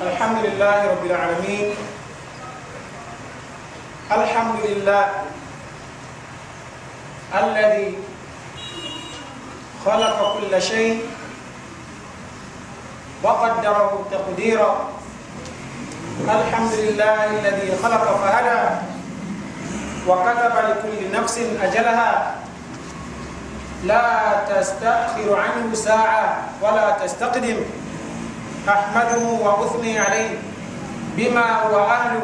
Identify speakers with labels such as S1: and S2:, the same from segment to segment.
S1: الحمد لله رب العالمين الحمد لله الذي خلق كل شيء وقدره تقديرا الحمد لله الذي خلق فهدى وكتب لكل نفس أجلها لا تستأخر عنه ساعة ولا تستقدم أحمده وأثني عليه بما هو أهله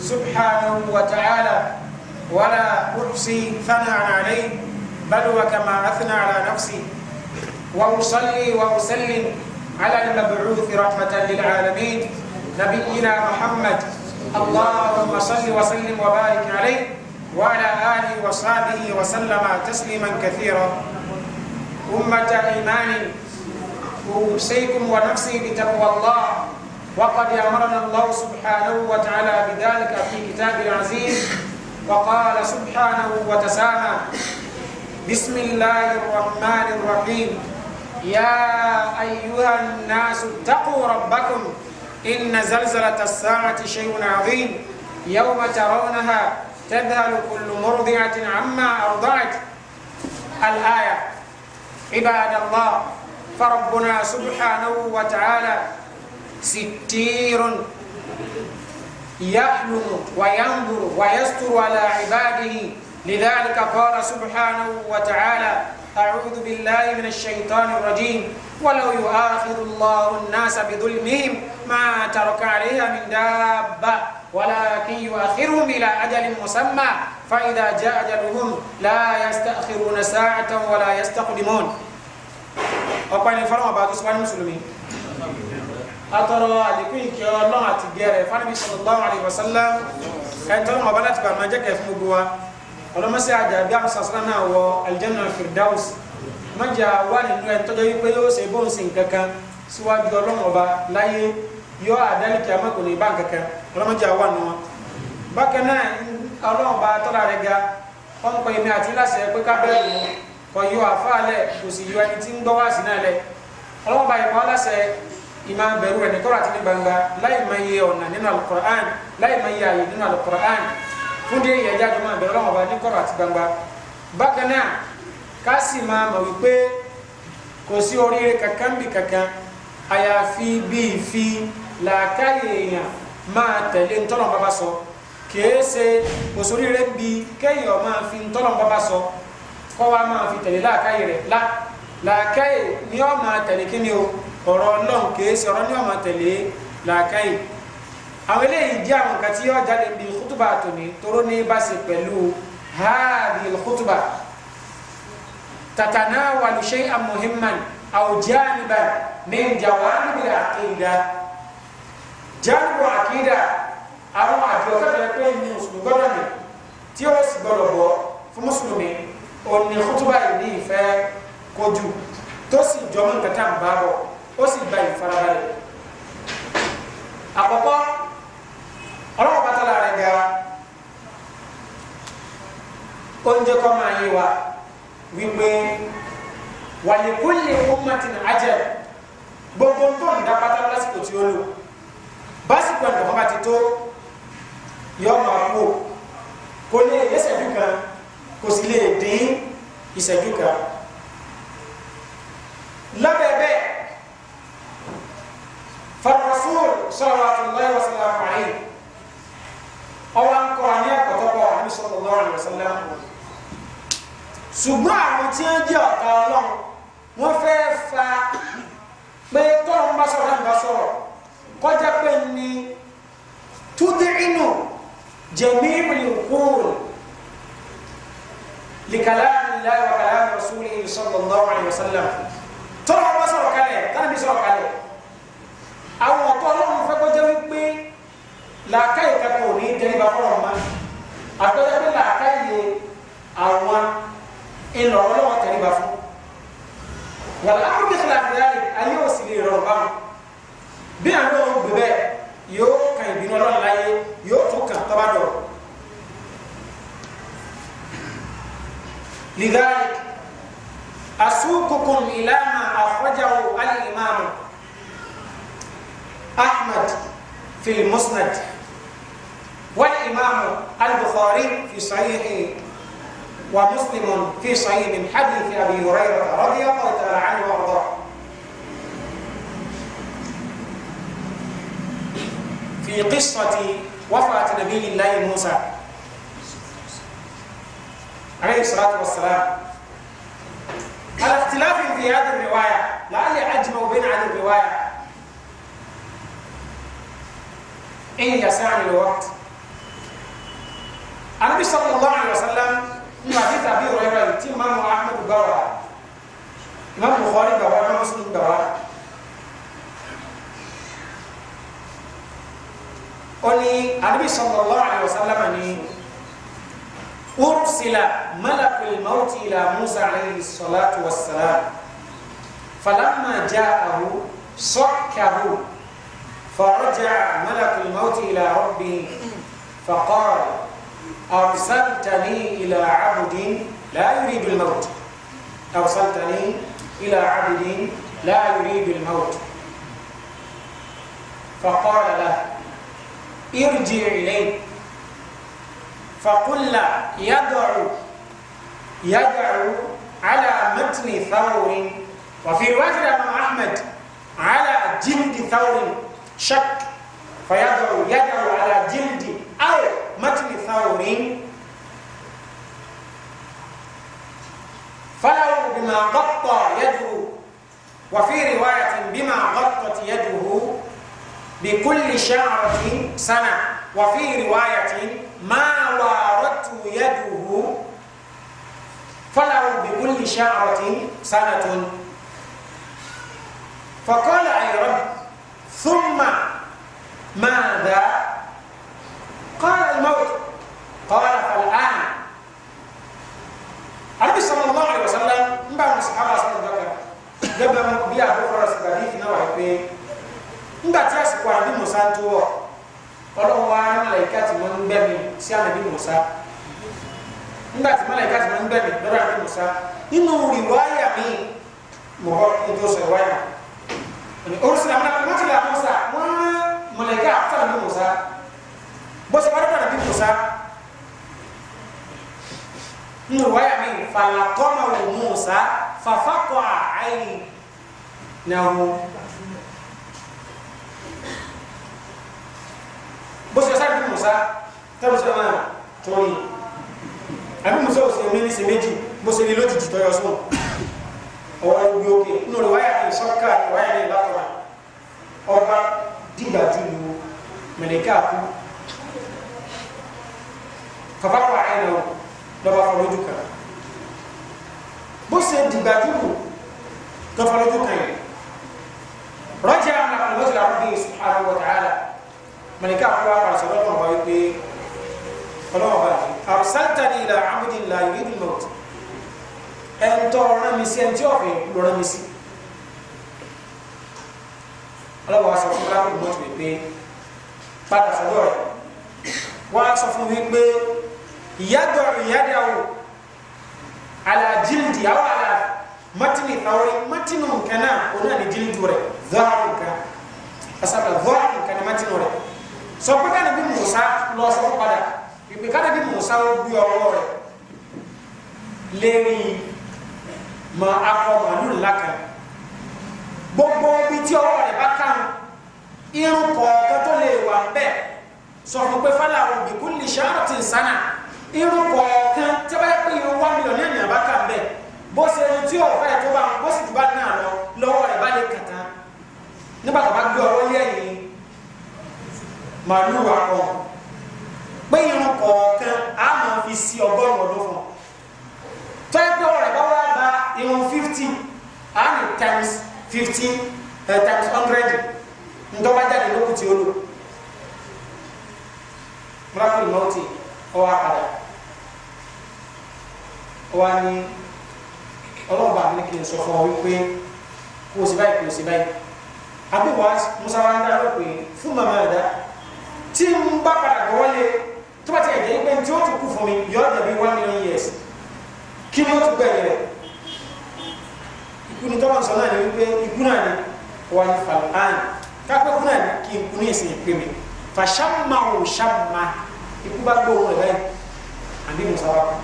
S1: سبحانه وتعالى ولا أحصي ثناء عليه بل وكما أثنى على نفسي وأصلي وأسلم على المبعوث رحمة للعالمين نبينا محمد اللهم صل وسلم وبارك عليه وعلى آله وصحبه وسلم تسليما كثيرا أمة إيمان وأوصيكم ونفسي بتقوى الله وقد أمرنا الله سبحانه وتعالى بذلك في كتابه العزيز وقال سبحانه وتسامى بسم الله الرحمن الرحيم يا أيها الناس اتقوا ربكم إن زلزلة الساعة شيء عظيم يوم ترونها تذهل كل مرضعة عما أرضعت الآية عباد الله فربنا سبحانه وتعالى ستير يحلم وينظر ويستر على عباده لذلك قال سبحانه وتعالى أعوذ بالله من الشيطان الرجيم ولو يؤاخذ الله الناس بظلمهم ما ترك عليها من دابة ولكن يؤخرهم إلى أجل مسمى فإذا جاء أجلهم لا يستأخرون ساعة ولا يستقدمون ọpẹ́ ni fọlọ́wọ́n bá tó sọ wá ní mùsùlùmí atọrọ àdìkú ìkẹ́ ọlọ́run àti gẹ̀rẹ̀ fanabi sallallahu alayhi wa sallam ẹ̀tọ́ ọba láti bá máa jẹ́kẹ̀ fún gbogbo wa ọlọ́mọsí àjàgbé àwọn sàṣánà náà wọ aljanna firdaus mọ́jà wà nínú ẹ̀ tọ́jọ́ wípé yóò ṣe bóun sì kankan síwájú ọlọ́run ọba láyé yọ àdáríkì amákùnrin bá kankan ọlọ́mọjà wà nù wọn. bákan náà ọlọ́run ọba tọ́lá rẹ̀ ga ọ̀npọ̀ èmi àti láṣẹ pé ká bẹ́ẹ̀ kọyọ àfáàlẹ kò sì yọ ẹni tí ń gbọ́ wá sí náà lẹ ọlọ́wọ́n bá ìpọ́ aláṣẹ ìmọ̀ bẹ̀rù rẹ̀ ní kọ́ra àti ní gbangba láì máa yẹ ọ̀nà nínú alukur'an láì máa yẹ àyè nínú alukur'an fún dé ìyẹn jáde máa bẹ̀rù ọlọ́wọ́n bá ní kọ́ra àti gbangba bákan náà ká sì máa mọ̀ wípé kò sí oríire kankan bí kankan àyàfi bíi fi làákàyè èèyàn máa tẹ̀lé ntọ́nà bàbá sọ kìí ṣe kò sóríire bíi kọ́ wa máa fi tẹ̀lé làákàyè rẹ̀ la làákàyè ni ó máa tẹ̀lé kí ni o ọ̀rọ̀ ọlọ́run kìí ṣe ọ̀rọ̀ ni ó máa tẹ̀lé làákàyè àwọn eléyìí jẹ́ àwọn nǹkan tí yóò jáde bí kútùbà tòní toró ní bá ṣe pẹ̀lú háàdì kútùbà tatanawalu shay'an muhimman aw janiban min jawanibil aqida janibu aqida àwọn àjọ kẹfẹ pé ní mùsùlùmí gbọ́dọ̀ ní tí ó sì gbọ́dọ̀ bọ fún mùsùlùmí òní kútúbà yìí ní ìfẹ́ kojú tó sì jọmọ́ nǹkan tá à ń bá bọ̀ ó sì gba ìfarabalẹ̀ àkọ́kọ́ ọlọ́wọ́ bá tọ́lá rẹ̀ ga oúnjẹ kọ́ máa yé wa wípé wàlíkúlì ummatin ajal gbogbo tó ń dá pátá lásìkò tí ó lò básìkò ẹ̀dùn kan bá ti tó yọ máa kú kò lè yẹ kò sì lè dín ìṣẹ́jú kan lábẹ́ bẹ́ẹ̀ farasul salawatullahi wa sallam alayhi ọwọ́ ń kọ́ ní ẹ̀kọ́tọ́kọ́ àmì sallallahu alaihi wa sallam ṣùgbọ́n àwọn tí wọ́n jẹ́ ọ̀tá ọlọ́run wọ́n fẹ́ fa pé tọ́run bá sọ̀rọ̀ bá sọ̀rọ̀ kọjá pé ní túdé inú jẹ̀mí ìrìn kúrò لكلام الله وكلام رسوله صلى الله عليه وسلم tọ́lá wọn bá sọ̀rọ̀ kalẹ̀ táwọn bí sọ̀rọ̀ kalẹ̀ àwọn ọ̀tọ́ ọlọ́run fẹ́ kọjá wípé làákà ìkẹ́kọ̀ọ́ ò ní tẹ́lifà fọ́rọ̀ ma àgbẹ̀dẹ́ pé làákà yẹ àwọn ìlọ ọlọ́wọ́ tẹ́lifà fún wà láàrú bí kíláàfù dáàlì ayé ò sì lè rọrùn bá wọn bí àwọn ọ̀rùn gbẹ bẹ́ẹ̀ yóò kàn ìbínú ọlọ́run láyé yóò tún kàn tọ́ba dọ̀rọ̀ لذلك أسوقكم إلى ما أخرجه الإمام أحمد في المسند والإمام البخاري في صحيح ومسلم في صحيح من حديث أبي هريرة رضي الله تعالى عنه وأرضاه في قصة وفاة نبي الله موسى عليه الصلاة والسلام على اختلاف في هذه الرواية لعلي أجمع بين عن الرواية إن يسعني الوقت النبي صلى الله عليه وسلم في حديث أبي هريرة يتي إمام أحمد دورا إمام بخاري دورا إمام مسلم دورا قال لي النبي صلى الله عليه وسلم أني يعني أرسل ملك الموت إلى موسى عليه الصلاة والسلام فلما جاءه صكه فرجع ملك الموت إلى ربه فقال أرسلتني إلى عبد لا يريد الموت أرسلتني إلى عبد لا يريد الموت فقال له ارجع إليه فقل يدعو يدعو على متن ثور وفي رواية الإمام أحمد على جلد ثور شك فيدعو يدعو على جلد أو متن ثور فله بما غطى يده وفي رواية بما غطت يده بكل شعرة سنة وفي رواية ما واردت يده فله بكل شعرة سنة فقال أي رب ثم ماذا قال الموت قال فالآن النبي صلى الله عليه وسلم بعد الصحابة صلى الله عليه وسلم قبل أن يبيع بكرة سبعين نوعي بعد مبا تياسي قوانين مسانتوه ọlọ́run wa mọ̀lẹ́kà tí wọ́n ń gbẹ́mi sí ànábì Mùsá nígbà tí mọ̀lẹ́kà tí wọ́n ń gbẹ́mi lọ́dọ̀ ànábì Mùsá nínú rìwáyà mi mọ̀ọ́ ojú ọ̀sẹ̀ wáyà orísìí àwọn akọ̀wé ti là Mùsá wọ́n rán mọ̀lẹ́kà fún ànábì Mùsá bọ́sẹ̀ wọ́n rán ànábì Mùsá nínú rìwáyà mi wò Mùsá fàfàkọ́ àìní náà bóso sáré fún musa tẹ́lẹ̀ sọ náà tóri àbí musa ò sì mí ní sí méjì bóso ní lójijì tọ́yọ sùn ọwọ́ ibi òkè nínú rẹ̀ wáyà ní sọ́kà ní wáyà ní ìbátan ọba dìgbàjú ni wo mẹ̀lẹ́kà kú kaba kọ àyìnà o lọ́ba fọ lójú kan bóso dìgbàjú kù tọ́fọ lójú kan yìí rọ́jà àwọn àkànlọ́sọ̀rọ̀ àbúgbé subhanahu wa ta'ala mẹ̀ríkà ń wá pàṣẹ lọ́wọ́ wa wípé ọlọ́wọ́ bá yìí arsaltani ila abdin la yuridu mawt ẹ̀ ń tọ́ ọ̀rọ̀ mi sí ẹ̀ ń tí ọ̀fẹ́ lọ́rọ̀ mi sí ọlọ́wọ́ wa sọ fún káàkiri mọ́tò wípé padà sọ́dọ̀ rẹ̀ wọ́n á sọ fún wípé ìyádọ̀ ìyádàwó ala jildi àwọn àlà mọ́tìnì àwọn mọ́tìnì nǹkan náà òun náà ní jildi rẹ̀ zọ́ọ̀rù nǹkan asàbà zọ́ọ̀rù nǹkan ní mọ́tìnì rẹ̀ sọ pé káàdì bí Mùsá lọ sọ padà ìpè káàdì bí Mùsá ó gbé ọwọ́ rẹ̀ lérí mọ akọ màálù ńlá kan gbogbo ibi tí ọwọ́ rẹ̀ bá kàn irun kọ̀ọ̀kan tó lè wà bẹ́ẹ̀ sọ fún pé fálà òbí kò lè ṣàròtì sánà irun kọ̀ọ̀kan tí a bá yẹ pé irun wá mílíọ̀nù ènìyàn bá kàn bẹ́ẹ̀ bó ṣe ohun tí ọ̀fẹ́ tó bá ń bó sì tó bá náà lọ lọ́wọ́ rẹ̀ bá lè kàtà nígbà tó bá gbé ọwọ́ lé màlúù àrùn pé irun kọ̀ọ̀kan á máa fi sí ọgọ́rùn-ún ọdún fún un tọ́jú ọ̀rẹ́ bá wá gba irun fifty á ní times fifty uh, times hundred ntọ́bájáde lókùn tí ó lò mìíràn mọ́tì ọwọ́ àkàdà ọwọ́ ni ọlọ́ọ̀bà mi kì í sọ fún ọ wípé kò sí báyìí kò sí báyìí
S2: àbí wàá musa wa
S1: ń dá lópin fún màmá ẹ̀dá tí n bá padà bọ̀ wọlé tó bá ti ẹ̀jẹ̀ pé tí ó tún kú fún mi yọ ọ̀dà one million years kí ni ó tún rẹ̀ ikú tọ́lá sọ náà ni wípé ikú náà wà ní falàn kápẹ́ ikú náà kí n kú ní ìsìn ìpè mi fàṣàmà ò ṣàmà ikú bá gbóhùn rẹ̀ báyìí àbí musa wà kú.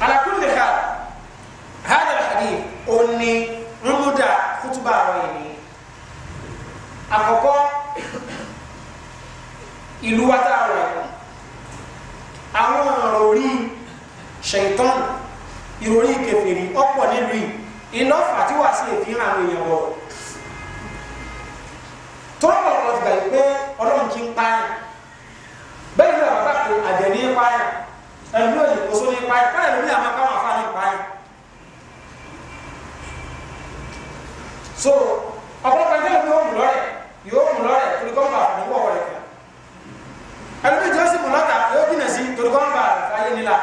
S1: alakunle ha hada alhadith oni rumuda kutuba awo yi ni àkọ́kọ́ ìlú wa tá a wà àwọn ọ̀rọ̀ orí ṣèǹtọ́n ìròyìn kẹfìrí ọ̀pọ̀ nílùú yìí iná fàtíwá sí ìfihàn àwọn èèyàn wọ̀ tọ́lọ̀ ọ̀rọ̀ ti gbà yìí pé ọlọ́run kì í pààyàn bẹ́ẹ̀ ni bàbá kò àjẹ́ ní pààyàn ẹ̀lú òyìnbó só ní pààyàn pààyàn ló ní àwọn akáwọn afáàní pààyàn. so ọ̀pọ̀lọpọ̀ ẹgbẹ́ ìlú yóò mú lọ́rẹ̀ yóò mú lọ́rẹ̀ torí kọ́ ń bá àfọ̀nìwọ̀ rẹ̀ kàn ẹlòmíì tí wọ́n sì kù lọ́ta ó jìnà sí torúkọ́n bá fàyè nílà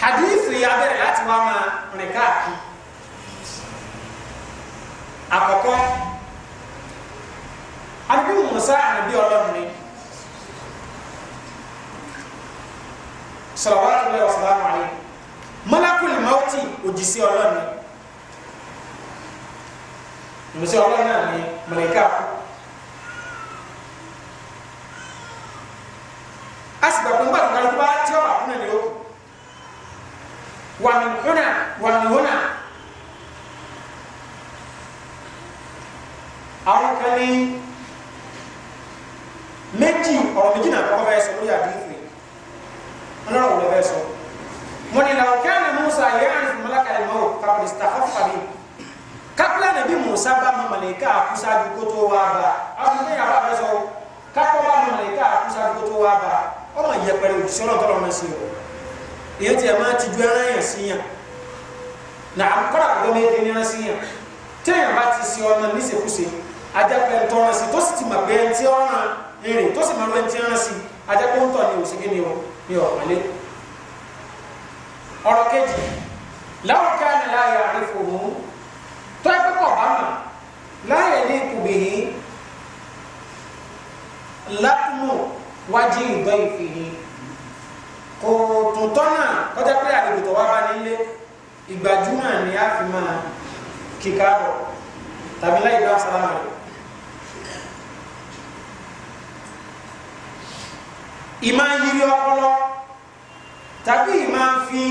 S1: hadithi abẹ́rẹ́ láti wá máa rìn káàkiri àkọ́kọ́ àbí Musa àbí ọlọ́run ni salawatu alayhi wa salamu alayhi malakul mauti òjìṣẹ́ ọlọ́run ni òjìṣẹ́ ọlọ́run náà ni mọ̀lẹ́kà kún gbàtú kálukú bá tí ọba kún ní o wà mí húnà wà mí húnà àwọn kan ní méjì ọ̀rọ̀ méjì náà kọ́kọ́ fẹ́ sọ lórí àdéhùn ọlọ́run wọlé fẹ́ sọ mo ní làwọn kí á Musa yẹ á ní fúnmọ́lá kalẹ̀ mọ́ o kàwọn ìsìtàfọ́ fàmí kakula ne bi musa ba ma malaika kusa bi koto wa ba abu ne ya ba so kakwa ba ma malaika kusa bi koto wa ba ọmọ ìyẹpẹrẹ òṣìṣẹ́ ọlọ́run tọ́lọ́run náà sí o èyí tí a máa ti ju ara yàn sí yàn nà àkọ́rà kọ́ mi ẹni rán sí yàn téèyàn bá ti ṣe ọmọ níṣekúṣe ajakpe ntọ́ rán sí tó ti mà pé ẹntì ọ̀ràn rìn tó sì mà lọ ẹntì sí ajakpe ntọ́ ni òṣèké ni o ni ọ̀ malé ọ̀rọ̀ kejì láwùká ni láyà àrífò mú tó ẹgbẹ́ kọ̀ bá mà láyà ní ìkùbìyìn látùmù wájú ìgbọ́ ìfìhì kò tó tọ́nà kọjá pé àlejò tó wá bá nílé ìgbàjúmọ̀ ni a fi máa kíkà bọ̀ tàbí láì bá sálámà rẹ̀. ìmá yiri ọpọlọ tàbí ìmá fi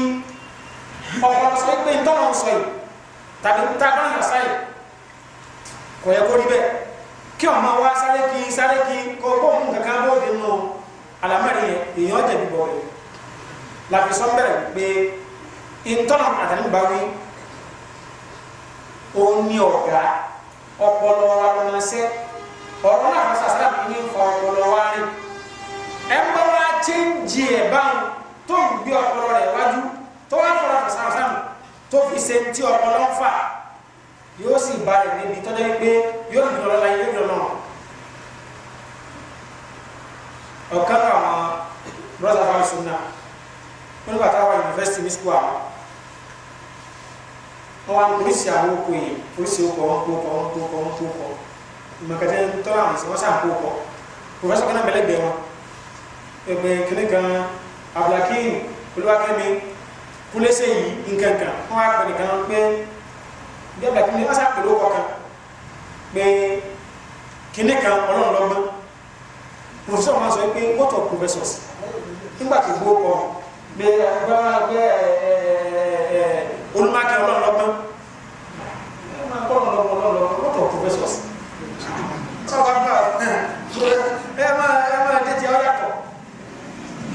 S1: ọpọlọ sọ pé ntọ́nà ń sọ yìí tàbí ntàkùn àyàsáyì kò yẹ kó rí bẹ́ẹ̀ kí ọmọ wa sáré kí sáré kí kó kó mú kankan bó di nù alamari yẹn èèyàn jẹbi bọ yẹn láti sọ bẹ̀rẹ̀ pé ntọ́nà àtàlù bá wí ó ní ọ̀gá ọpọlọ wa ló máa ṣe ọ̀rọ̀ náà fún sàṣà mi ní nfa ọpọlọ wa rí ẹ ń bá wa chéńjì ẹ̀ báwọn tó ń gbé ọpọlọ rẹ̀ wájú tó wá fọlọ́ fún tó fi ṣe ń ọpọlọ ń fà yóò sì ba rẹ̀ níbi tọ́jọ́ yìí pé yóò dùn lọ́la yóò dùn lọ́nà. ọ̀kan náà àwọn brọ́dà bá sùn náà wọ́n nígbà táwọn yunifásitì ní sukùl àwọn wọ́n wá polisi àwọn oko yìí polisi oko wọn kó kọ wọn kó kọ wọn kó kọ mọ̀kàtí tọ́lá àwọn ìsìn wọn sàn kó kọ pòfẹ́sọ̀ kan náà mẹ́lẹ́gbẹ̀ẹ́ wọn ẹgbẹ́ kìnnì kan abdulhakeem olúwakẹ́mi kúlẹ́sẹ̀ yìí nǹkan kan wọ́n pẹ̀lú kan pé bí ẹgbẹ́ kí ni wọ́n sábà pẹ̀lú ọkọ̀ kan pé kíní kan ọlọ́run lọ́gbọ́n professor máa sọ pé what of professors nígbà tó gbó kọ pé ẹgbẹ́ ẹgbẹ́ olùmọ̀kẹ́ ọlọ́run lọ́gbọ́n ọlọ́run lọ́gbọ́n ọlọ́run lọ́gbọ́n what of professors ẹ máa ẹ máa tètè ọ yàtọ̀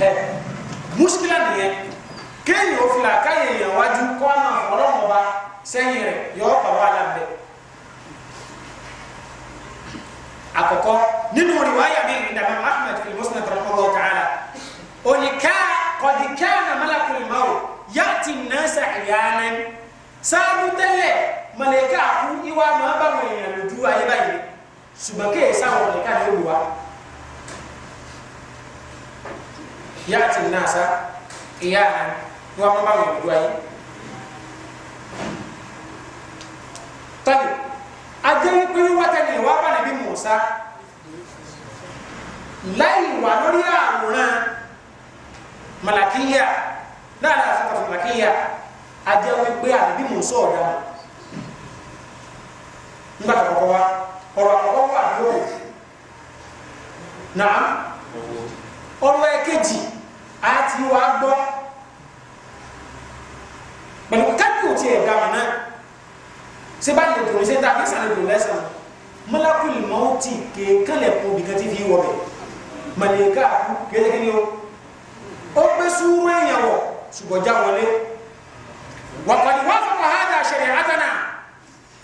S1: ẹ muskila nìyẹn kéèyàn ò fi làákàyè yẹn wájú kọ́ àmà ọlọ́run ọba sẹ́yìn rẹ̀ yọ pàwọ́ alábẹ́ àkọ́kọ́ nínú riwaya mi ìdàmà ahmed fi musnad rahimahullah ta'ala oníkà kọ̀díkà na malakul mawu yàtì nasa ìyánan sáájú tẹ́lẹ̀ màlẹ́kà kú ìwà máa bá wọn èèyàn lójú ayé báyìí ṣùgbọ́n kéè sáwọn màlẹ́kà ní olùwà yàtì nasa ìyánan ìwà máa bá wọn lójú ayé. tọ́jú ajẹ́ pé wátẹ́ni ìwà bàlẹ̀ bí Mùsá láì wà lórí àwòrán màlàkíyà láàrin àfẹ́kọ̀ fún màlàkíyà ajẹ́ pé àlẹ́ bí Mùsá ọ̀dà nígbà ọrụ kọ́kọ́ wa ọ̀rọ̀ àkọ́kọ́ ọrụ lóò náà ọ̀rọ̀ ẹ̀kejì àti wàá seba le dùn ṣe ta kí sàn le dùn lẹ́sàn malakul mawuti kéékànlẹ̀ kún bí kẹ́tì fi wọ̀ bẹ̀ màlẹ́kà kéékànlẹ̀ ni o ó gbé sùúrù ẹ̀yàn wọ̀ ṣùgbọ́n já wọlé wàkàdì wà fún wàhálà ṣẹlẹ̀ àtànà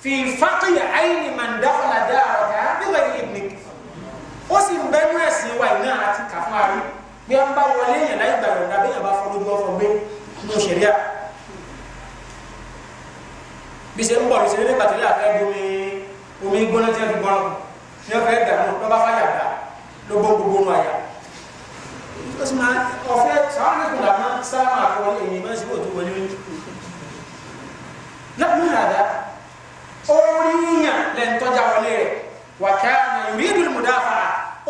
S1: fi fàkìyà àyìnì màndàfàlà dáa ọ̀gá nígbà yìí ìbìnì ó sì ń bẹnu ẹ̀sìn wa iná àti kàfáàrí bí wọ́n bá wọlé yẹn láì gbàgbọ́ bí ṣe ń bọ̀ ló ṣe ní nígbà tí ilé àfẹ́ bomi omi gbóná tí wọ́n fi gbọ́n ní wọ́n fẹ́ dànù lọ́ bá fáyà dà ló gbó gbogbo nù àyà. ó sì máa ọ̀fẹ́ sàwọn ẹ̀kọ́ làmọ́ sáwọn àkọwọ́ èyí máa ń ṣe òtún wọlé oúnjẹ. lẹ́kùn nàdá oríyàn lẹ́ńtọ́jà wọlé rẹ̀ wà ká ìrírí ìdúró mùdáfà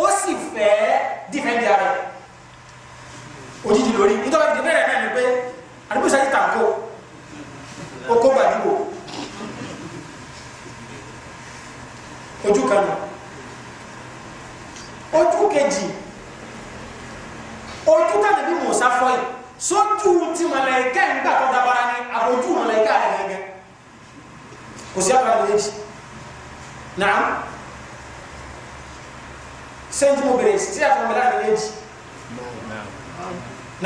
S1: ó sì fẹ́ dìfẹ́ndì ara rẹ̀ òjijì lórí nítorí ìdí bẹ́ẹ̀ náà ni pé àdúgbò ìsájú tàǹkó ó kó gbàdúgbò ojú kan ojú kejì ojú tàbí bí Mùsá fọ́ yìí sójú ti màláíkà ń gbà tó dabara ni àbójú màláíkà rẹ̀ gẹ́gẹ́ kò sí àbára méjì náà sẹ́ńtì mo bèrè sí àfọ̀mọ́lá méjì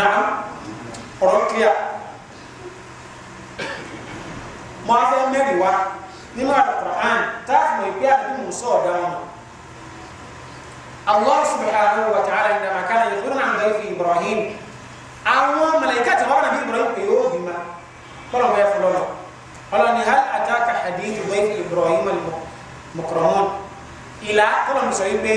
S1: náà ọ̀rọ̀ kíá mo á fẹ́ mẹ́rin wá nínú alukur'an táàfù mọ̀ ìgbé àti musa ọ̀dà wọn. Allah subhanahu wa ta'ala inda makana yaquluna an dhaifi Ibrahim àwọn màláíkà tí wọ́n nàbí Ibrahim pé yóò bímá kọ́lọ̀ bẹ́ẹ̀ fọlọ́ lọ. Ọlọ́ ni hal ataka hadith dhaifi Ibrahim al-mukramun ìlà kọ́lọ̀ mi sọ yìí pé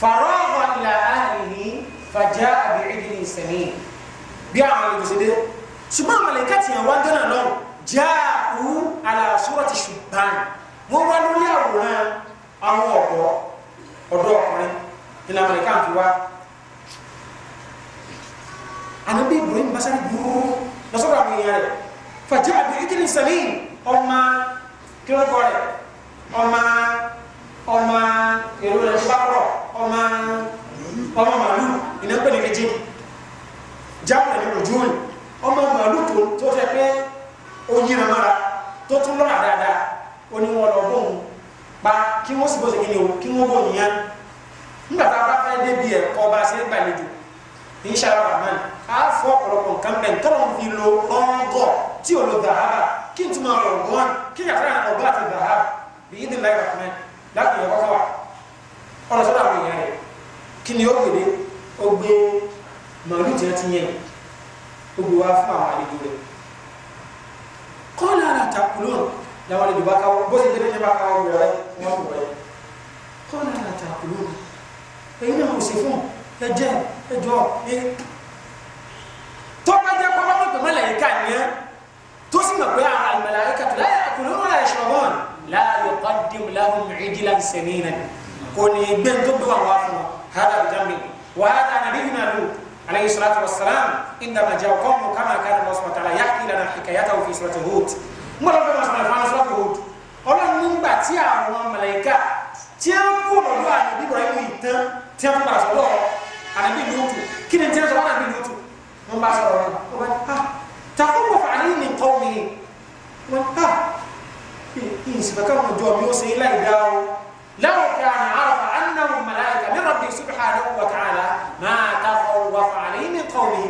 S1: faragha ila ahlihi faja'a bi'ijlin samin bí àwọn àlejò ṣùgbọ́n màláíkà tí wọ́n gánà lọ́rùn jaahu ala surati shubban wọn wá lórí àwòrán àwọn ọ̀dọ́ ọ̀dọ́ ọkùnrin nínú amẹríkà ń fi wá anabi ibrahim basari gbúrú lọsọdọ àwọn èèyàn rẹ fàjẹ àbí ìkíni salim ọmọ kílódé rẹ ọmọ ọmọ èrò rẹ bá rọ ọmọ ọmọ màlúù ìnáwó méjì. o yíra mára tó tún lọ́ra dáadáa onye ní pa o kí wọ́n bóun yẹn nígbà ka a bá fẹ́ débi ẹ̀kọ́ bá a ṣe ń gbàlejò inṣàlá rahman fọ ọ̀pọ̀lọpọ̀ fi lo ọ̀ngọ̀ ti o lo dàhábà ki n tún máa rọ̀ wọ́n kí n yàtọ̀ àwọn ọ̀gá àti dàhábà idi yín rahman ti fún kọ́lá la ta'kulun làwọn ìdìbò ká wọ́n bó ti dé méjì bá ká wọ́n wọ̀ ẹ́ wọ́n wọ̀ ẹ́ kọ́lá la ta'kulun ẹ̀yin náà ò sì fún ẹ jẹ́ ẹ jọ ẹ. tó bá jẹ́ pọ́pọ́ mọ̀ pé màláíkà nìyẹn tó sì mọ̀ pé àwọn al-malā'ikatu lā wa lā bi janbin wa hādhā nabiyyunā Lūṭ عليه الصلاة والسلام إنما جاءكم كما كان الله سبحانه وتعالى يحكي لنا حكاياته في سورة هود ما رأى الله سبحانه وتعالى سورة هود أولا نمبا تيا روما ملايكا تيا كولا روا نبي برايو إيتا تيا كولا سورة أنا بي نوتو كين تيا سورة أنا بي نوتو نمبا سورة روما تقوم فعلين من قومه ها إنس فكما جواب يوسي إلا إداو لو كان عرف أنه ملائكة من ربي سبحانه وتعالى ما كان الله عليه من قوله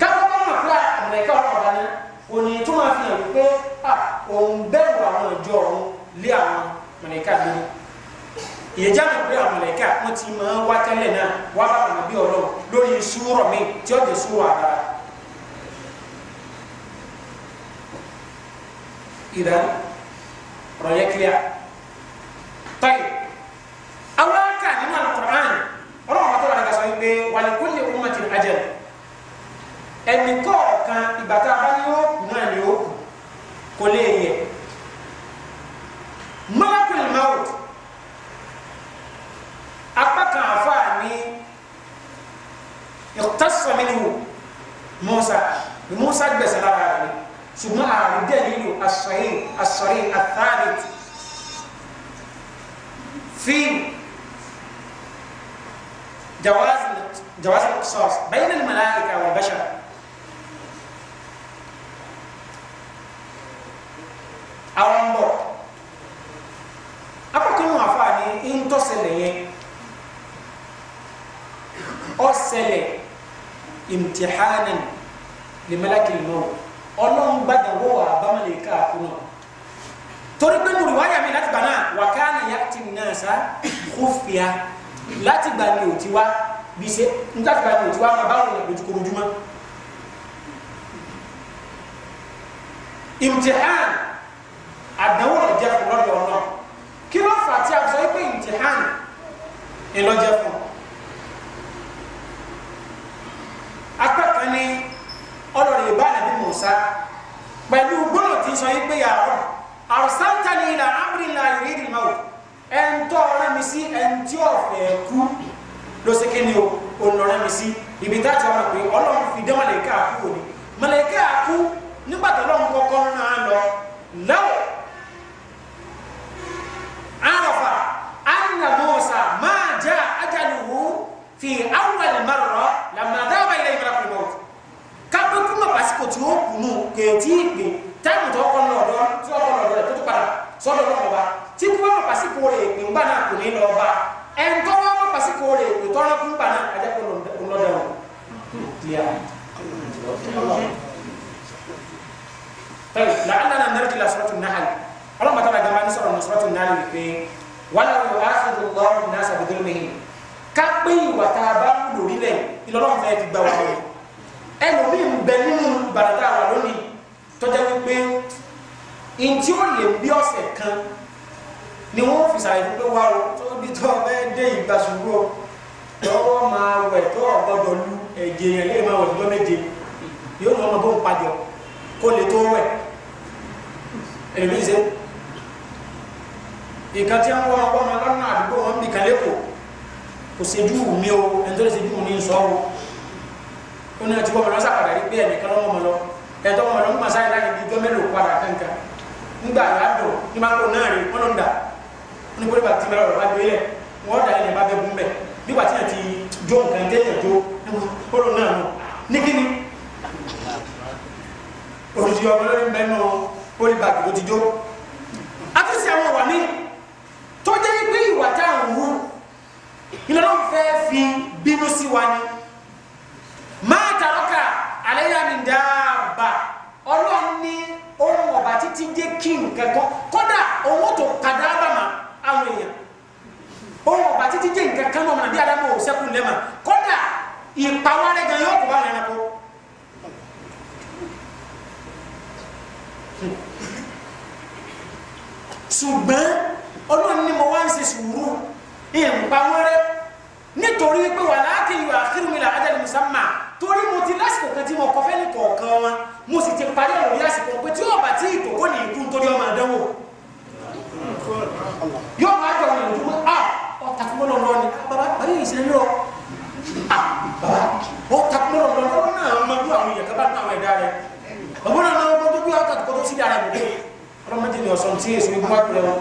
S1: káwọn bá yàn fúlà àmọ̀lẹ́kà ọ̀rọ̀ ọ̀dà ni òní tó máa fi hàn wípé òun bẹ̀rù àwọn ìjọ òun lé àwọn mọ̀lẹ́kà lórí ìyẹn jáde pé àwọn mọ̀lẹ́kà wọ́n ti máa wá tẹ́lẹ̀ náà wá bá àwọn àbí ọlọ́run lórí mi tí ó jẹ́ sùúrọ̀ àdára. ìdá rọ̀yẹ́ kílíà tọ́yì àwọn akáà nínú àlùkò àná ọlọ́run ajal ẹnì kọ̀ọ̀kan ìgbà tá a bá ní yóò kù náà ni yóò kù kò lè yẹ malakul maut apá kan àfáà ní iqtassa minhu Musa gbẹ̀sẹ̀ lára rẹ̀ ṣùgbọ́n ààrùn dẹ́lílù as-sahih as-sarih ath جواز جواز القصاص بين الملائكة والبشر أو أمور أبا كل ما فاني إنتو سلي أو سلي امتحان لملك الموت أولهم بدأ هو بملكة كنو تريد أن رواية من أتبنا وكان يأتي الناس خفيا لا تبني وتوى bí ṣe ń jáfìlà yìí òtún wá máa bá wọn lójú korojúmọ́ imtihan àdánwò lè jẹ́ fún lọ́dọ̀ ọ̀nà kí ló fà tí a sọ pé imtihan ìlọ́jẹ́ fún apá kan ní ọlọ́run ìbá nàbí Mùsá pẹ̀lú gbọ́dọ̀ tí ń sọ yìí pé yàrá àrùsáńtà ní ilà ámìrìlà ìrírí màwò ẹ̀ ń tọ́ ọ̀rẹ́ mi sí ẹ̀ ń tí ọ̀fẹ́ kú ló ṣe ni o olùrànlọ́rẹ́ mi sí ibi tá a ti wọn pé ọlọ́run fi dé mọ̀lẹ́kẹ́ àkú òní mọ̀lẹ́kẹ́ àkú nígbà tó lọ́run kọ́kọ́ ń rán lọ lọ́wọ́ àròfà anna Musa máa jẹ́ ajaluhu fi awwal marra lamma dhaba ilé ìmọ̀lá kùnú mọ́tò kápẹ́ kú mọ̀ pàṣípò tí ó kùnú kèétí ìgbè táìmù tó kọ́ lọ́dọ̀ tó kọ́ lọ́dọ̀ tó tó padà sọ́dọ̀ lọ́wọ́ tí kú mọ̀ pàṣípò rẹ̀ ìgbè ńgbà náà kò ní lọ́ọ́ bá kóore òkè tọ́lá fún gbà náà ajá kó lọ́dọ̀ wọn. tayi la'anna na narji la suratul nahl ọlọ́mọ tó la jẹ́ máa ní sọ̀rọ̀ ní suratul nahl wípé wàlá wò wá sí ló lọ́rùn náà sàbí dúró mẹ́yìn ká pé ìwà tá a bá ń lórí lẹ̀ ìlọ́lọ́run fẹ́ẹ́ ti gbà wá wọlé ẹlòmíì ń bẹ nínú bàtà wà lónìí tọ́jà wípé ntí ó lè bí ọ̀sẹ̀ kan ni wọ́n fi sàyè fún pé wá o tó bí tó bẹ́ẹ̀ dé ìgbà ṣubú o tọ́wọ́ máa wẹ̀ tó ọ̀gbọ́dọ̀ lu ẹ̀jẹ̀ yẹn lè máa wẹ̀ tó méje yóò ní ọmọ bó ń padì ọ kó lè tó wẹ̀ èmi ṣe nǹkan tí wọ́n wọ́n ọmọ lọ́nà àdúgbò wọn bì kálẹ̀ kò kò ṣejú mi o ẹni tó lè ṣejú mi sọ o ó ní ọtí wọ́n lọ́sà padà rí pé ẹnìkan lọ́mọ mọ́ lọ ní bóde bàtí bẹ́ẹ̀ ọ̀rọ̀ bá gbé lẹ̀ wọ́n dà ilẹ̀ bá bẹ́ẹ̀ gún bẹ́ẹ̀ bí bàtí náà ti jó nǹkan jẹ́ ìyàjó kóró náà nù ní kíni òṣìṣẹ́ ọmọ lórí bẹ́ẹ̀ nù bóde bàtí tó ti jó. àtúnṣe àwọn wà ní tọ́jú pé ìwà tá à ń wú ìlànà fẹ́ fi bínú sí wa ni máa tàrọ́kà alẹ́ yà dáàbà ọlọ́run ohun ọ̀bà títí jẹ́ kí nǹkan kan kódà owó tó kàdá bàmà àwọn èèyàn ohun ọba títí jẹ́ nǹkan kan náà nàbí adamu ò sẹ́kù lẹ́mà kódà ìpawárẹ́ gan yóò kó bá rẹ̀ nàkó. ṣùgbọ́n ọlọ́run ni mo wá ń ṣe sùúrù ìpawárẹ́ nítorí pé walakin yu'akhiruhum ila ajalin musamma torí mo ti lásìkò kan tí mo kọ́ fẹ́ ní kọ̀ọ̀kan wọn mo sì ti parí ọ̀rọ̀ yásìkò pé tí ọba tí ìkòkò ní ikú nítorí ọmọ àdánwò yóò máa jọ ìlú wípé a ah, ọ̀tà fún mọ́lọ́ lọ́ni ah, bàbá bàbá yìí ṣe lọ a ah, bàbá ọ̀tà fún mọ́lọ́ lọ́ni ọ̀rọ̀ náà máa ju àwọn èèyàn kábàá náà ẹ̀dá rẹ bàbá náà máa bọ́ tó gbé ọ̀tà tó sí dára gbogbo ọlọ́mọdé ni ọ̀sán tí èso igun wá pẹ̀lẹ́ wọn.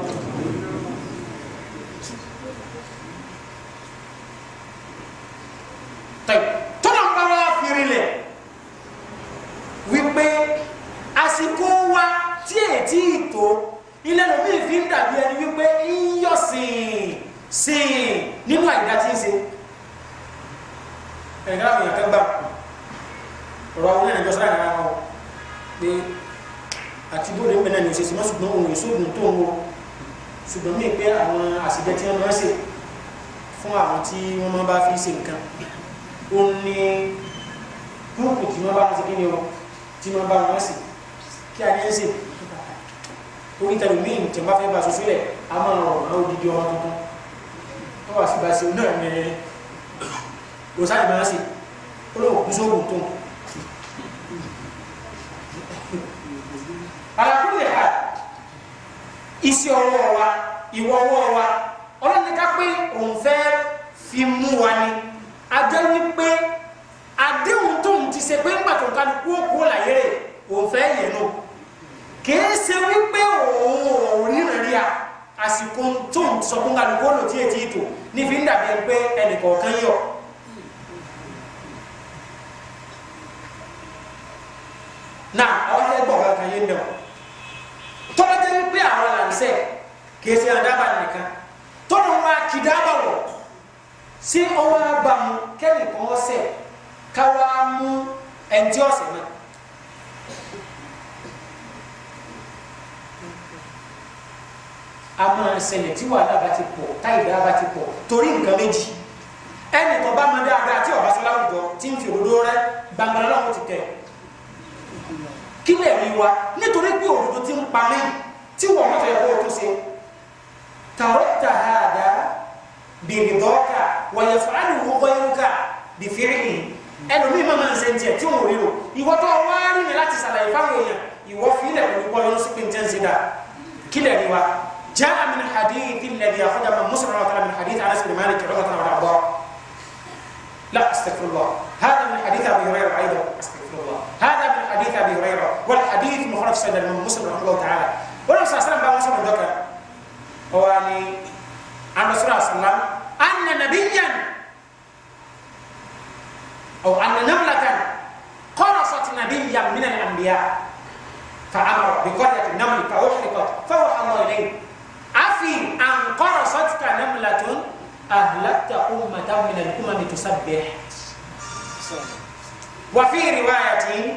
S1: tọ́lá ń bá wa fìrì lẹ̀ wípé àsìkò wa tí èyí tí ì tó ilé lómi fi ń dàbí ẹni wípé ń yọ sìn sìn nínú àyíká tí ń ṣe ẹ̀ka àwọn èèyàn kan gbà ọ̀rọ̀ àwọn ènìyàn jọ́sọ́rọ̀ àyàrá wọn pé àti bóde pẹ̀lú ẹni ìṣesí mọ́ ṣùgbọ́n òun ìṣòògùn tó ń wo ṣùgbọ́n mí pé àwọn àṣìjẹ tí wọ́n máa ń ṣe fún àwọn tí wọ́n máa bá fi ṣe nǹkan ó ní gúrùpù tí wọ́n bá wọn ṣe kí ni o tí wọ́n bá wọn ṣe kí a ní ṣe torí tẹ̀lé mi tí n bá fẹ́ bá a soso lẹ̀ a máa rọ̀ náà odidi ọmọ tuntun tó wà sí bá a ṣe náà ní rosalie máa ṣe ó lóun kú sóògùn tó alákùnrin ha iṣẹ́ ọwọ́ wa ń fẹ́ yẹ̀ náà kìí ṣe wípé òun ò ríran rí a àsìkò tó ń sọ fún kálukú ọ̀nà tí ètí ètò ní fi ń dàbí ẹgbẹ́ ẹnìkọ̀ọ̀kan yọ. na àwọn ẹgbẹ́ ọ̀gá kan yé ń dẹ̀wọ̀ tọ́lá jẹ́ wípé àwọn làǹṣẹ́ kìí ṣe àdábà nìkan tọ́lá wọn kìdábà wọ̀ sí ọwọ́ agbàmù kẹ́nìkan ọ̀sẹ̀ káwá mú ẹ̀ńtí ọ̀sẹ̀ náà. a máa ṣẹlẹ̀ tí wàhálà bá ti pọ̀ táìdá bá ti pọ̀ torí nǹkan méjì ẹnì kan bá mọ dáadáa tí ọ̀bá sọlá òjò tí ń fi òdodo rẹ gbàngàn lọ́wọ́ ti tẹ̀ kí lè rí wa nítorí pé òdodo ti ń parí tí wọ́n mọ̀tò yẹ kó o tún ṣe tààrọ̀ tàhádà bèrè dọ́ọ̀kà wàyẹ̀ fàánù wọ́kọ̀ yẹnka bìfìrìhìn ẹlòmíì máa ń sẹ́ńtì tí wọn ò ríro ìwọ tó wá rí mi láti ṣàlàyé fáwọn èèyàn ìwọ fi ilẹ̀ pẹ̀lú pọ́yọ́n sí pé ń tẹ́ ń ṣe dà kílẹ̀ ni wa جاء من الحديث الذي أخذ من مسلم رضي من حديث أنس بن مالك الله بن عطاء لا استغفر الله هذا من حديث أبي هريرة أيضا استغفر الله هذا من حديث أبي هريرة والحديث مخرج سنة من مسلم رحمه الله تعالى ولم صلى الله عليه وسلم ذكر هو يعني عن رسول الله صلى الله عليه وسلم أن نبيا أو أن نملة قرصت نبيا من الأنبياء فأمر بقرية النمل فأحرقت فوحى الله إليه في أن قرصتك نملة أهلكت أمة من الأمم تسبح وفي رواية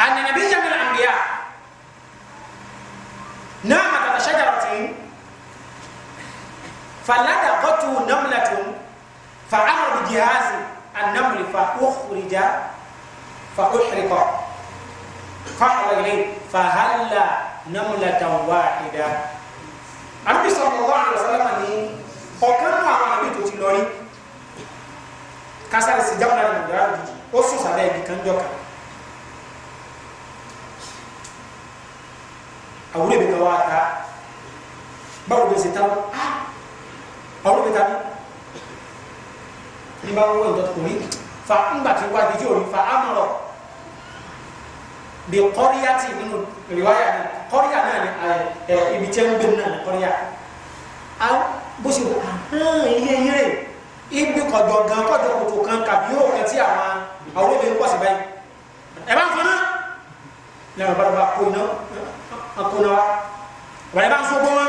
S1: أن نبيا من الأنبياء نام تحت شجرة فلدغته نملة فأمر بجهاز النمل فأخرج فأحرق فأخرج إليه فهل نملة واحدة النبي صلى الله عليه وسلم ní ọ̀kan náà àwọn àbí tó ti lọ rí kásáré sí jáwọn náà nàìjíríà lójijì ó sùn sábẹ́ ibi kan jọka àwúrẹ́ mi kan wá ta báwo ló ṣe tán àwúrẹ́ mi ta ní ní bá wọ́n wọ́n ìtọ́jú kò rí fa ńgbà tí wá di tí ò rí fa á mọ̀ lọ bi kọriyati nínú riwaya ni kọriya náà ni ẹ ẹ ibi tẹ n gbẹ náà ni kọriya a bó ṣe wò hàn iye yẹrẹ ibi kọjọ gan kọjọ kòtò kan kàbí yóò rẹ ti àwọn àwọn olóògbé ń pọ̀ sí báyìí ẹ bá ń fọ náà lẹ́yìn ọ̀bá bá kó iná kó iná wa wà ẹ bá ń sọgbọ́n wa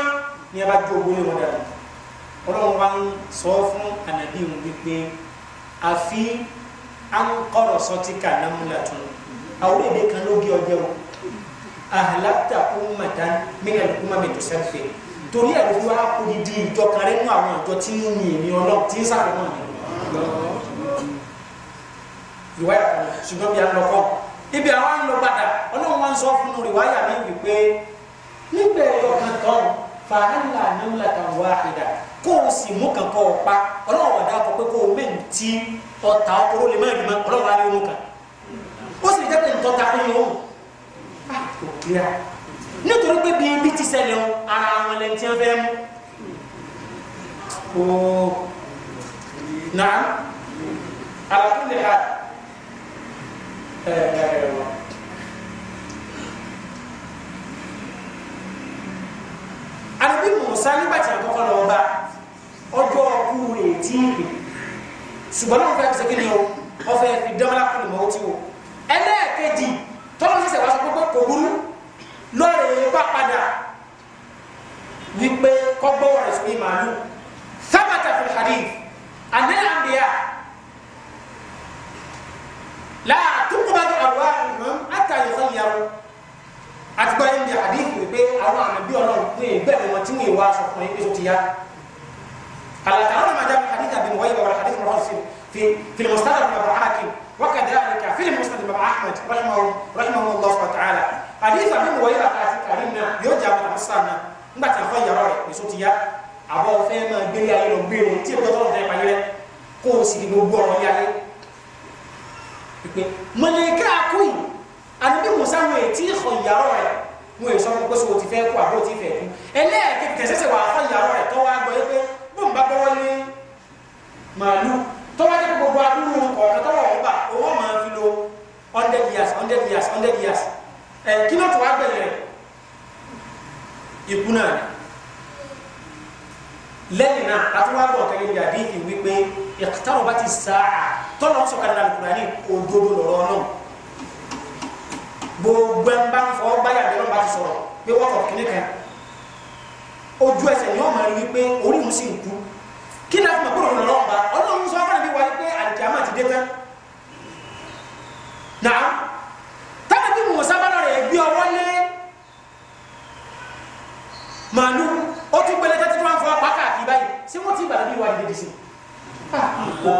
S1: ni ẹ bá ju ogun ní wọn dàrú ọlọ́run wa fún ànàbí òun wípé àfi à ń kọ̀rọ̀ sọtíkà námúlà tún àwọn de kan ló gé ọjọ́ wọn ahlakta ummatan minal umami tusabbih torí ẹ̀rọ tí wàá kó di ìjọ kan rẹ̀ nínú àwọn ìjọ tí ń yin èmi ọlọ́run tí ń sáré wọn ni ìwà yà kan ṣùgbọ́n bí a lọ kọ́ ibi àwọn àlọ́ gbàdà ọlọ́run wa ń sọ fún un rí wáyà mi wípé nígbà ẹ̀yọ kan kan fàhálà namlatan wahida kó o sì mú kankan ọ̀pá ọlọ́run wà dáa kọ pé kó o mẹ́rin tí ọ̀tá ọkọ̀ ló lè má rí mọ́ ọlọ́run wa ní irun kan ó sì jẹ́ pé nǹkan ta o ah, kò kíra nítorí pé bíi bí ti ṣẹlẹ̀ o ara wọn lẹ́ni tí wọ́n fẹ́ mú o na alakunle ha ẹ̀ẹ́ alibi musa nígbàtí àkọ́kọ́ lọ bá ọjọ́ ọkú rẹ̀ tí ì ṣùgbọ́n náà wọ́n fẹ́ fi ṣe kí ni o wọ́n fẹ́ fi dánwọ́lá kúlù mọ́ ó ti wò. n bá ń fọ báyà mi lọ́nà bá ti sọ̀rọ̀ pé wọ́n fọ kíní kan ojú ẹsẹ̀ ni wọ́n máa rí wípé orí òun sì ń kú kí náà fún mi kúrò lọ́wọ́ bá ọlọ́run sọ fún mi wáyé pé àlìkìyámà ti dé tán náà táwọn bí mò ń sábàlọ́ rẹ̀ gbé ọwọ́ lé màálù ó tún gbẹlẹ́ tẹ́tí tó máa fọ apá káàkiri báyìí ṣé wọ́n ti gbàdúrà bí wàá dìde dì sí i kò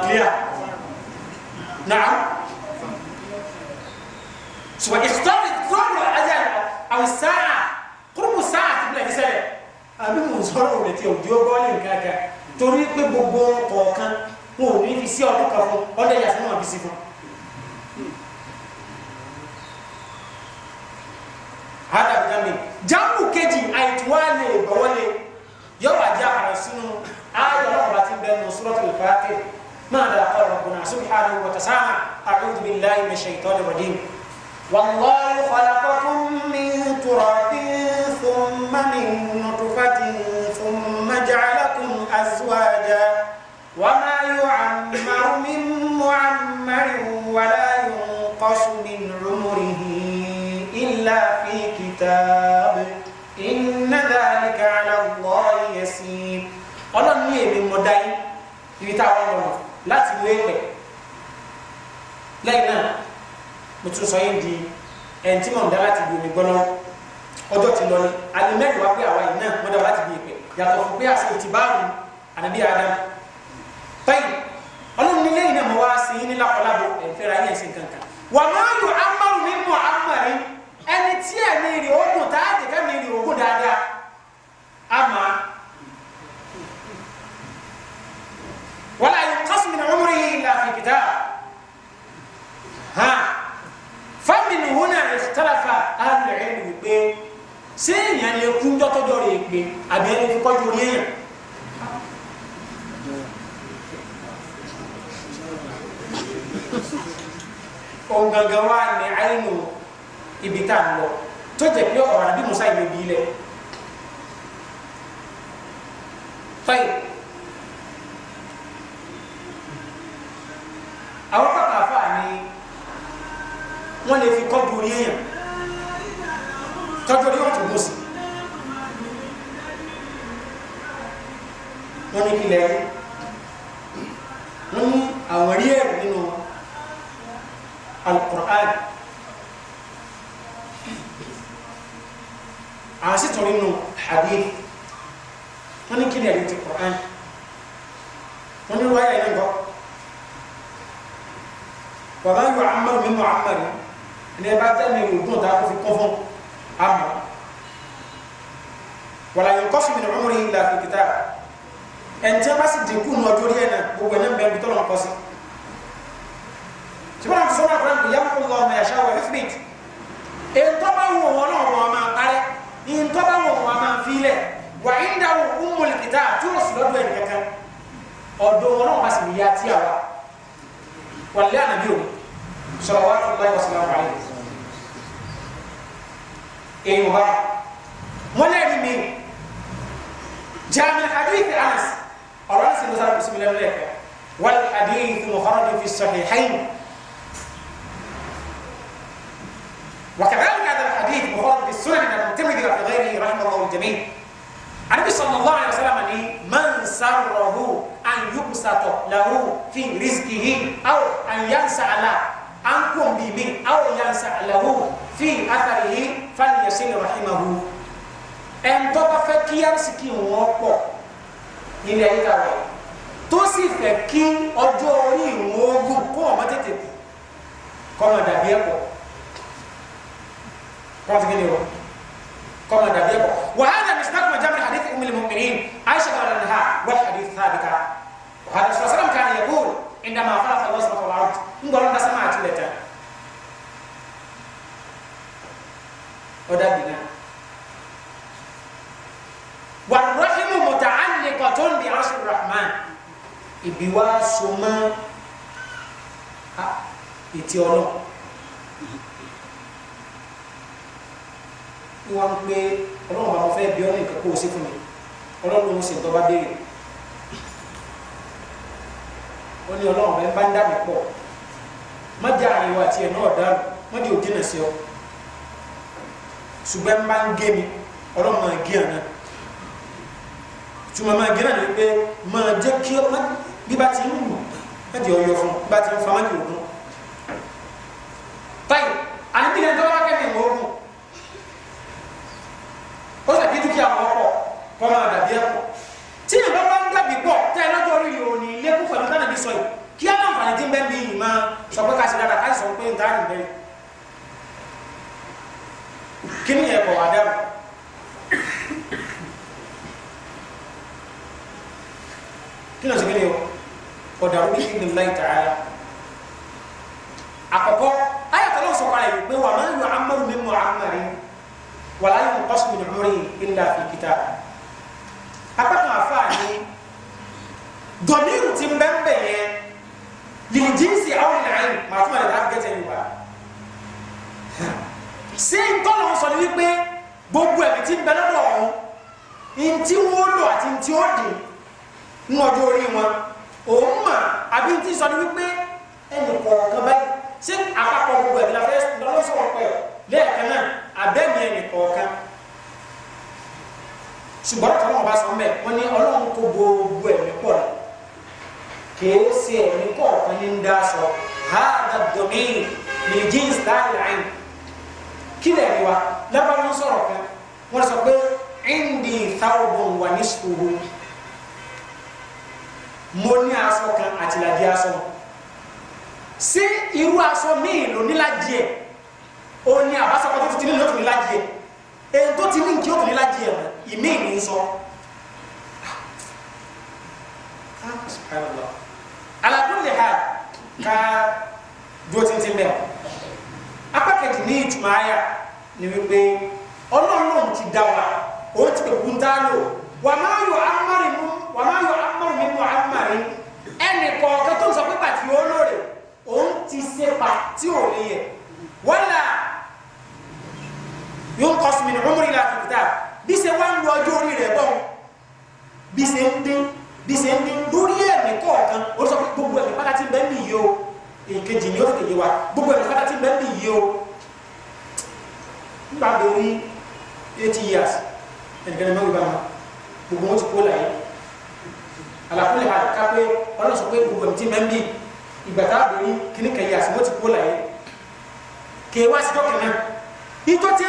S1: واختار الظهر والاذان او الساعه قرب الساعه ابن ابي سلام àbí mò ń sọ̀rọ̀ òun ti òdi ọgọ́lì nǹkankan torí pé gbogbo kọ̀ọ̀kan wọn ò ní fi sí ọdún kan fún ọdẹ yà fún wọn fi sí fún. adàbíyàmì jáàmù kejì àìtúwálé ìbọ̀wọ́lé yọ̀wọ̀ àjẹ́ àkàrà sínú ayé ọlọ́run bá ti ń bẹnu suratul Fatiha máa dàgbà ọ̀rọ̀ gbọ̀nà subhanahu wa ta'ala a'udhu billahi minash shaitanir rajim. والله خلقكم من تراب ثم من نطفة ثم جعلكم أزواجا وما يعمر من معمر ولا ينقص من عمره إلا في كتاب إن ذلك على الله يسير ọlọ́run ní èmi mọ̀ dáyé ibi táwọn ọmọ láti wéwẹ̀ lẹ́yìn náà mo tún sọ yín di ẹni tí mò ń dá láti di omi gbọ́nà ọjọ́ ti lọ ni alimẹ́lì wá pé àwa yìí náà mo dá láti di ìpè yàtọ̀ fún pé àṣẹ ti bá àrùn ànábì adam báyìí ọlọ́run nílé yìí náà mo wá sí yín ní lápọ̀lábọ̀ ẹ̀fẹ́ra yín ẹ̀sìn kankan wà máa yọ amáru nínú amárí ẹni tí ẹ̀mí rè ogun táàdì kẹ́mi rè ogun dáadáa ama wala yunqas min umrihi illa fi kitab ha famin huna ìtàlàfà alùpùpù ẹni pé ṣé èèyàn lè kú dọ́tọ́jọ́ rẹ̀ pé àbí ẹni fi kọ́jú orí èèyàn. òun gangan wá ní ibi tá a lọ tó jẹ pé ọ̀rọ̀ àbí musa yìí bí lẹ̀ fain àwọn pàtàkì àfa ni wọ́n lè fi kọ́jú orí èèyàn tọ́jú orí ọ̀tún mú sí wọ́n ní kílẹ̀ rí wọ́n ní àwọn rí ẹ̀rù nínú alukur'an àti tó nínú hadith wọ́n ní kílẹ̀ rí ti kur'an wọ́n ní wáyà yẹn gbọ́ wàbá yóò àmọ́ mi mọ̀ ní ẹ bá tẹ́lẹ̀ ní ìwòdùn ta kó fi kọ́ fún àmọ́ wàlá yìí kọ́sùn mi ní ọmọ rẹ̀ ìlà fìkìtà ẹ̀ǹtẹ́ bá sì dínkù ní ọjọ́ rí ẹ̀ náà gbogbo ẹ̀ náà bẹ̀rẹ̀ bí tọ́lọ̀ ń kọ́ sí. ṣùgbọ́n àti sọ́nà àkùrẹ́ ìyá mọ̀ lọ ọmọ ẹ̀ṣá wọ̀ ẹ̀fí bíìtì ètò bá wọ̀ wọn náà wọ̀ ọmọ àpárẹ́ ìyìntọ́ bá wọ̀ wọn máa fi ilẹ̀ wà á ń da wọ̀ ọmọ tí ó sì lọ́dọ̀ nìkan ọ̀dọ̀ wọn náà wọ́n sì ní yá tí a wà wà lẹ́ àná bí òun صلوات الله وسلامه عليه اي مبارك ولا من جاء من حديث انس او انس بن بسم الله عليك والحديث مخرج في الصحيحين وكذلك هذا الحديث مخرج في السنن عن المعتمد غيره رحمه الله الجميع النبي صلى الله عليه وسلم من سره ان يبسط له في رزقه او ان ينسى له an kun bi min aw yansa lahu fi atharihi falyasil rahimahu ẹn tó bá fẹ́ kí arisiki wọn pọ̀ nílẹ̀ yìí kàwé tó sì fẹ́ kí ọjọ́ orí wọn gùn kó wọn má tètè kọ́mọ dàbí ẹ̀kọ́ kọ́mọ tìkẹ́ ni wọ́n kọ́mọ dàbí ẹ̀kọ́ wàhálà mìsítákùmá jábìrì hadith umil mu'minin aisha kàwé lẹ́nu ha hadith thabita wàhálà sọ̀rọ̀ sọ́lá mi kàn yẹ kúrò. عندما خلق الله سبحانه وتعالى نقول أن سماعة لتا ودابنا والرحم متعلقة بعرش الرحمن إبوا سما إتيولو wọ́n pe ọlọ́run àwọn fẹ́ bí ọ́ ní nǹkan kó o sí fún mi ọlọ́run ló ń ṣe ìtọ́ba béèrè ó ní ọlọ́run rẹ̀ ń bá ń dà mí pọ̀ má jẹ́ àyẹ̀wò àti ẹ̀ náà dànù má jẹ́ òdì náà sí ọ ṣùgbọ́n ń bá ń gé mi ọlọ́run máa gé àná tùmọ̀ máa gé náà ni pé máa jẹ́ kí ọ bí bá ti ń lù má jẹ́ ọyọ fún bí bá ti ń fa má jẹ́ ògún báyìí àníbi náà tọ́wọ́ kẹ́mi ìwọ ogun ó sì kí dúkìá wọn pọ̀ kọ́ máa dàbí ẹ̀kọ́ sọ yìí kí á náà fàájì ń bẹ́ mi yìí máa sọ pé ká ṣe dáadáa ká sì sọ pé ń dáàrin bẹ́ẹ̀ kí ni ẹ̀kọ́ wà dẹ́rù kí ló ń sèkéde o ọ̀dà rúbí ní láì tààlà àkọ́kọ́ ayàtọ̀ ló ń sọ̀kọ́ ayé pé wà máa ń yọ amadu mi mọ̀ amari wà láyé mọ̀ kọ́sùn mi ní múrin ilà fi kìtà apá kan àfa ni dọ̀míìrù ti bẹ́ẹ̀nbẹ̀ yẹn lìjíǹsì àwọn ìlànà màá tún àlejò àgẹ́tẹ̀ yìí wá. ṣé ìtọ́nà sọ ni wípé gbogbo ẹ̀mí ti bẹ lọ́dọ̀ ọ̀hún ntí wọ́n lò àti ntí ó dì ń ọjọ́ orí wọn òun mà àbí ntí sọ ni wípé ẹnì kọ̀ọ̀kan báyìí ṣé àpapọ̀ gbogbo ẹ̀mí la fẹ́ lọ́sọ̀rọ̀ pẹ̀ lẹ́ẹ̀kan náà àbẹ́mi ẹnì kọ̀ọ̀kan ṣùgbọ́n ọ̀tọ̀ kìí ṣe ẹ̀mí kọ̀ọ̀kan ní ń dá sọ hàdà dọ̀míìrì ní jíǹsì láàyè láàyè kí lè rí wa lábàárín sọ̀rọ̀ kan wọ́n sọ pé indi thawbun wà ní sùúrù mo ní aṣọ kan àtìlàjì aṣọ sí irú aṣọ míì ló nílájì ẹ̀ ó ní àbáṣọpọ̀ tó ti ní lótú nílájì ala kulli hal ka dúró ti mẹ́ apá kejì ni wípé ọlọ́run ti dá wa ó ti pè wa tá a lò wà má yọ amárin mú wà má yọ amárin mi mú amárin ẹnì kọ̀ọ̀kan tó ti ṣe pàtì òní yẹ yóò kọ́ mi ní ọmọ bí ṣe ń ní lórí ẹ̀mí kọ̀ọ̀kan ó sọ pé gbogbo ẹ̀mí pátá ti bẹ́ẹ̀ nìyí o èkejì ni ó tètè yé wa gbogbo ẹ̀mí pátá ti bẹ́ẹ̀ nìyí o nígbà tó rí eighty years ẹnìkan mẹ́wàá bá wọn gbogbo wọn ti kó láyé àlàkùnlé ha ká pé ọlọ́sọ pé gbogbo ẹ̀mí ti bẹ́ẹ̀ nìyí ìgbà tá a bẹ̀rẹ̀ ní kíní kan yíyà sí wọ́n ti kó láyé kéwàá sí dọ́kì náà ìtọ́ tí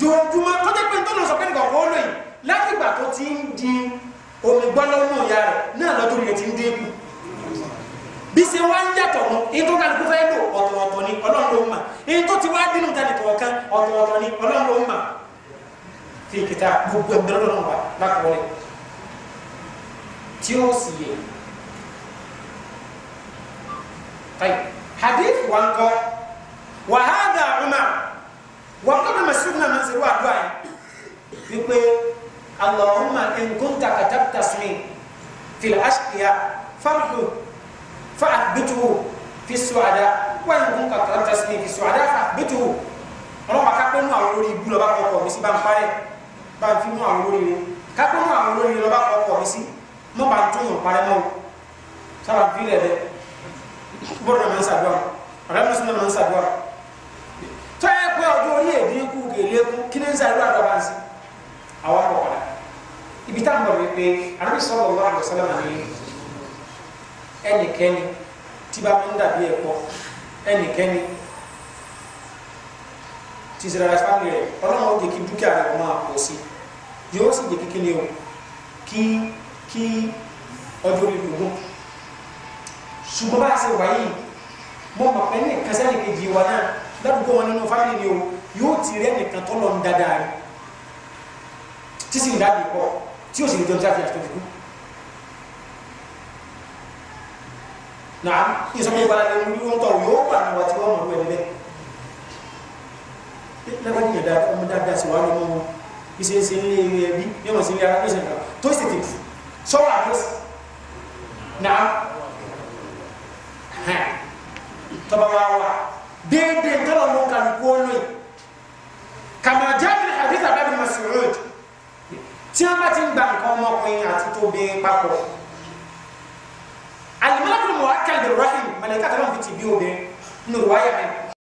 S1: jòjúmọ́ tó jẹ́ pé tọ́nà sọ pé nǹkan wọ́n lò yìí látìgbà tó ti ń di omi gbọ́lọ́mù ìyá rẹ̀ náà lọ́jọ́ rẹ̀ ti ń dé kù bí ṣe wá ń yàtọ̀ mọ́ èyí tó kálukú fẹ́ lò ọ̀tọ̀ọ̀tọ̀ ni ọlọ́run ló ń mà èyí tó ti wá dínú ta nìkan kan ọ̀tọ̀ọ̀tọ̀ wọn kọ́ dùnmọ̀ sí nàmà ṣe wà dùn àyè wípé alahuma nkunta katabta sumi fil ashqiya farhu fa abitu fi suada wa nkunta katabta sumi fi suada fa abitu ọlọ́mọ akápẹ́ nù àwọn olórí ibú lọ́ba kọ̀ọ̀kọ̀ mi sí bá ń parẹ́ bá ń fi mú àwọn olórí rẹ kápẹ́ nù àwọn olórí lọ́ba kọ̀ọ̀kọ̀ mi sí mọ́ bá ń tún yàn parẹ́ mọ́ sábà ń fi rẹ̀ dẹ́ bọ́ọ̀dù náà máa ń ṣàdúrà ọ̀rẹ́ mùsùlùmí ọdún orí èdè ikú gèlèkú kí ní sáré wà lọ́wọ́ sí àwọn àkọ́kọ́dá ibi tá à ń bọ̀ wípé àrùn sọ̀rọ̀ wà lọ sọ́lá mi ẹnìkẹ́ni tí bá mi ń dàbí ẹ̀kọ́ ẹnìkẹ́ni tí ìsirara fáwọn rẹ̀ ọlọ́run ó jẹ́ kí dúkìá rẹ̀ máa pọ̀ sí yóò sì jẹ́ kékeré o kí kí ọjọ́ orí lògùn ṣùgbọ́n bá a ṣe wáyé mo mọ̀ pé ní kásánì kejì wa náà ládùúgbò wọn nínú fámìlì yóò ti rẹ nìkan tó lọ ń dáadáa rẹ tí sì ń dáàbò pọ tí ó sì ní jọjọ àfihàn tó fi kú. náà ìsọmọ ìgbàlá ni wọn tọ yóò wà ní wa tí wọn mọ lóyún ẹni bẹ́ẹ̀ lábàá nìyẹn dáadáa ọmọ dáadáa sì wà lọ mọ wọn ìṣe ṣe ń lé ewu ẹbí ní ọmọ sí ilé ara lóṣèlú tó sì tètè sọwọ àdóṣì náà tọba wa wa déédéé tọ́lọ̀ mú kàlùkù ó lóyún kàmá jáde hadith abdul masoud tí wọn bá ti ń gba nǹkan ọmọkùnrin àti tóbin papọ̀ alimọ́lá kò mọ̀ wá kẹ́lẹ́ rahim mọ̀lẹ́ká tó lọ́n fi ti bí obìnrin nù wáyà